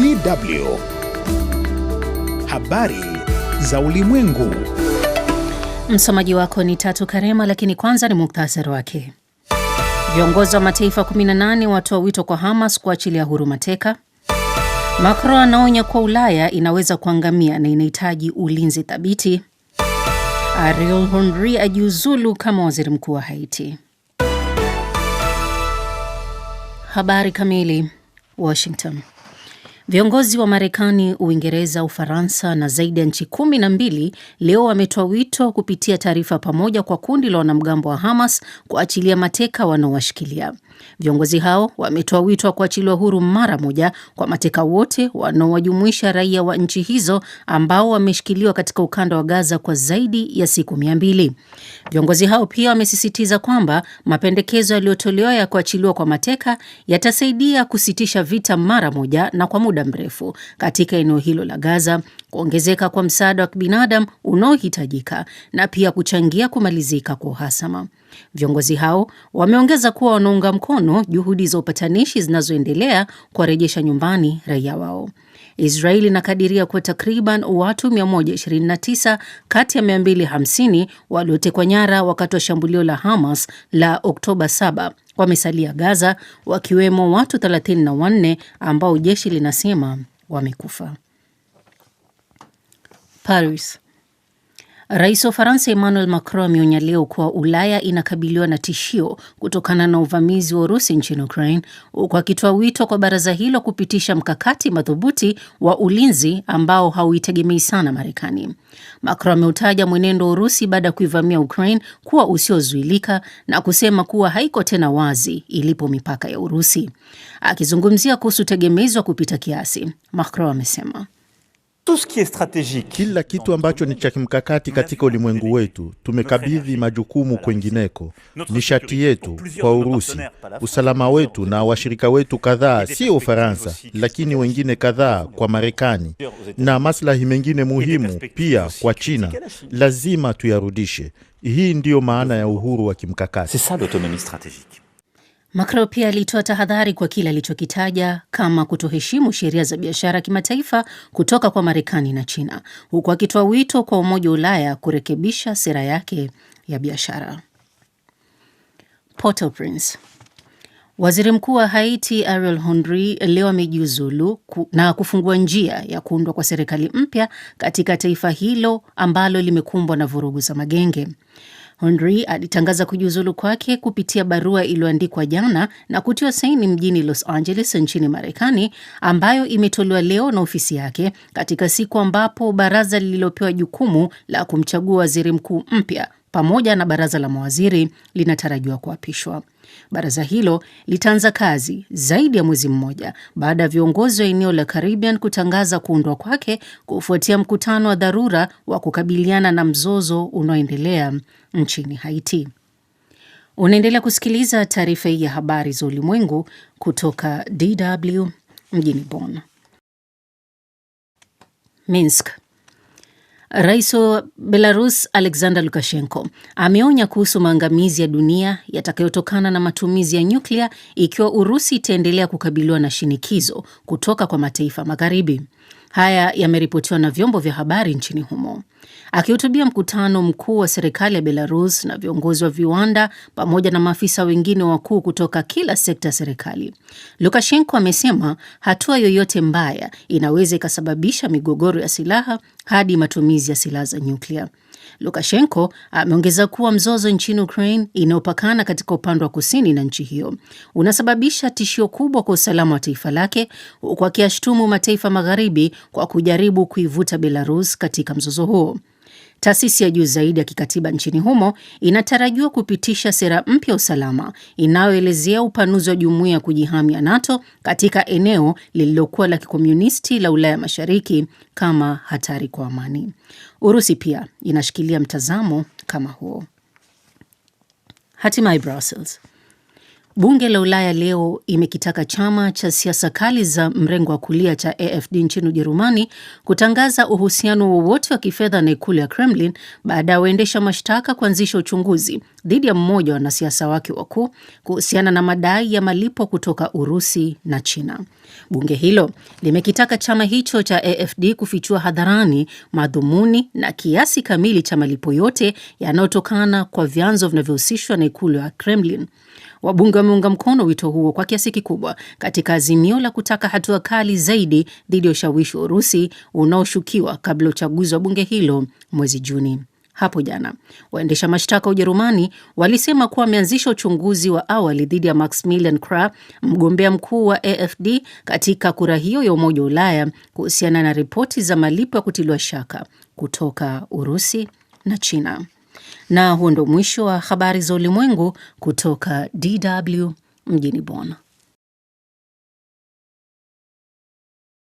DW habari za ulimwengu. Msomaji wako ni Tatu Karema, lakini kwanza ni muktasari wake. Viongozi wa mataifa 18 watoa wito kwa Hamas kuachilia huru mateka. Macron anaonya kuwa Ulaya inaweza kuangamia na inahitaji ulinzi thabiti. Ariel Henry ajiuzulu kama waziri mkuu wa Haiti. Habari kamili. Washington. Viongozi wa Marekani, Uingereza, Ufaransa na zaidi ya nchi kumi na mbili leo wametoa wito kupitia taarifa pamoja kwa kundi la wanamgambo wa Hamas kuachilia mateka wanaowashikilia. Viongozi hao wametoa wito wa kuachiliwa huru mara moja kwa mateka wote wanaowajumuisha raia wa nchi hizo ambao wameshikiliwa katika ukanda wa Gaza kwa zaidi ya siku mia mbili. Viongozi hao pia wamesisitiza kwamba mapendekezo yaliyotolewa ya kuachiliwa kwa mateka yatasaidia kusitisha vita mara moja na kwa muda muda mrefu katika eneo hilo la Gaza, kuongezeka kwa msaada wa kibinadamu unaohitajika na pia kuchangia kumalizika kwa uhasama. Viongozi hao wameongeza kuwa wanaunga mkono juhudi za upatanishi zinazoendelea kuwarejesha nyumbani raia wao. Israeli inakadiria kuwa takriban watu 129 kati ya 250 waliotekwa nyara wakati wa shambulio la Hamas la Oktoba 7 wamesalia Gaza, wakiwemo watu 34 ambao jeshi linasema wamekufa. Paris. Rais wa Faransa Emmanuel Macron ameonya leo kuwa Ulaya inakabiliwa na tishio kutokana na uvamizi wa Urusi nchini Ukraine, huku akitoa wito kwa baraza hilo kupitisha mkakati madhubuti wa ulinzi ambao hauitegemei sana Marekani. Macron ameutaja mwenendo wa Urusi baada ya kuivamia Ukraine kuwa usiozuilika na kusema kuwa haiko tena wazi ilipo mipaka ya Urusi. Akizungumzia kuhusu utegemezi wa kupita kiasi, Macron amesema kila kitu ambacho ni cha kimkakati katika ulimwengu wetu tumekabidhi majukumu kwingineko: nishati yetu kwa Urusi, usalama wetu na washirika wetu kadhaa, sio Ufaransa lakini wengine kadhaa, kwa Marekani na maslahi mengine muhimu pia kwa China. Lazima tuyarudishe. Hii ndiyo maana ya uhuru wa kimkakati. Macron pia alitoa tahadhari kwa kile alichokitaja kama kutoheshimu sheria za biashara kimataifa kutoka kwa Marekani na China, huku akitoa wito kwa Umoja wa Ulaya kurekebisha sera yake ya biashara. Port-au-Prince. Waziri Mkuu wa Haiti Ariel Henry leo amejiuzulu ku, na kufungua njia ya kuundwa kwa serikali mpya katika taifa hilo ambalo limekumbwa na vurugu za magenge. Henry alitangaza kujiuzulu kwake kupitia barua iliyoandikwa jana na kutiwa saini mjini Los Angeles nchini Marekani, ambayo imetolewa leo na ofisi yake katika siku ambapo baraza lililopewa jukumu la kumchagua waziri mkuu mpya pamoja na baraza la mawaziri linatarajiwa kuapishwa. Baraza hilo litaanza kazi zaidi ya mwezi mmoja baada ya viongozi wa eneo la Caribbean kutangaza kuundwa kwake kufuatia mkutano wa dharura wa kukabiliana na mzozo unaoendelea nchini Haiti. Unaendelea kusikiliza taarifa hii ya habari za ulimwengu kutoka DW mjini Bonn. Minsk. Rais wa Belarus Alexander Lukashenko ameonya kuhusu maangamizi ya dunia yatakayotokana na matumizi ya nyuklia ikiwa Urusi itaendelea kukabiliwa na shinikizo kutoka kwa mataifa magharibi. Haya yameripotiwa na vyombo vya habari nchini humo. Akihutubia mkutano mkuu wa serikali ya Belarus na viongozi wa viwanda pamoja na maafisa wengine wakuu kutoka kila sekta ya serikali, Lukashenko amesema hatua yoyote mbaya inaweza ikasababisha migogoro ya silaha hadi matumizi ya silaha za nyuklia. Lukashenko ameongeza kuwa mzozo nchini Ukraine inayopakana katika upande wa kusini na nchi hiyo unasababisha tishio kubwa kwa usalama wa taifa lake, huku akiyashutumu mataifa magharibi kwa kujaribu kuivuta Belarus katika mzozo huo. Taasisi ya juu zaidi ya kikatiba nchini humo inatarajiwa kupitisha sera mpya ya usalama inayoelezea upanuzi wa jumuiya ya kujihami ya NATO katika eneo lililokuwa la kikomunisti la Ulaya Mashariki kama hatari kwa amani. Urusi pia inashikilia mtazamo kama huo. Hatimaye Brussels. Bunge la Ulaya leo imekitaka chama cha siasa kali za mrengo wa kulia cha AfD nchini Ujerumani kutangaza uhusiano wowote wa kifedha na ikulu ya Kremlin baada ya waendesha mashtaka kuanzisha uchunguzi dhidi ya mmoja wa wanasiasa wake wakuu kuhusiana na madai ya malipo kutoka Urusi na China. Bunge hilo limekitaka chama hicho cha AfD kufichua hadharani madhumuni na kiasi kamili cha malipo yote yanayotokana kwa vyanzo vinavyohusishwa na ikulu ya Kremlin. Wabunge wameunga mkono wito huo kwa kiasi kikubwa katika azimio la kutaka hatua kali zaidi dhidi ya ushawishi wa Urusi unaoshukiwa kabla ya uchaguzi wa bunge hilo mwezi Juni. Hapo jana waendesha mashtaka wa Ujerumani walisema kuwa wameanzisha uchunguzi wa awali dhidi ya Maximilian Kra, mgombea mkuu wa AfD katika kura hiyo ya Umoja wa Ulaya, kuhusiana na ripoti za malipo ya kutiliwa shaka kutoka Urusi na China. Na huo ndo mwisho wa habari za ulimwengu kutoka DW mjini Bonn.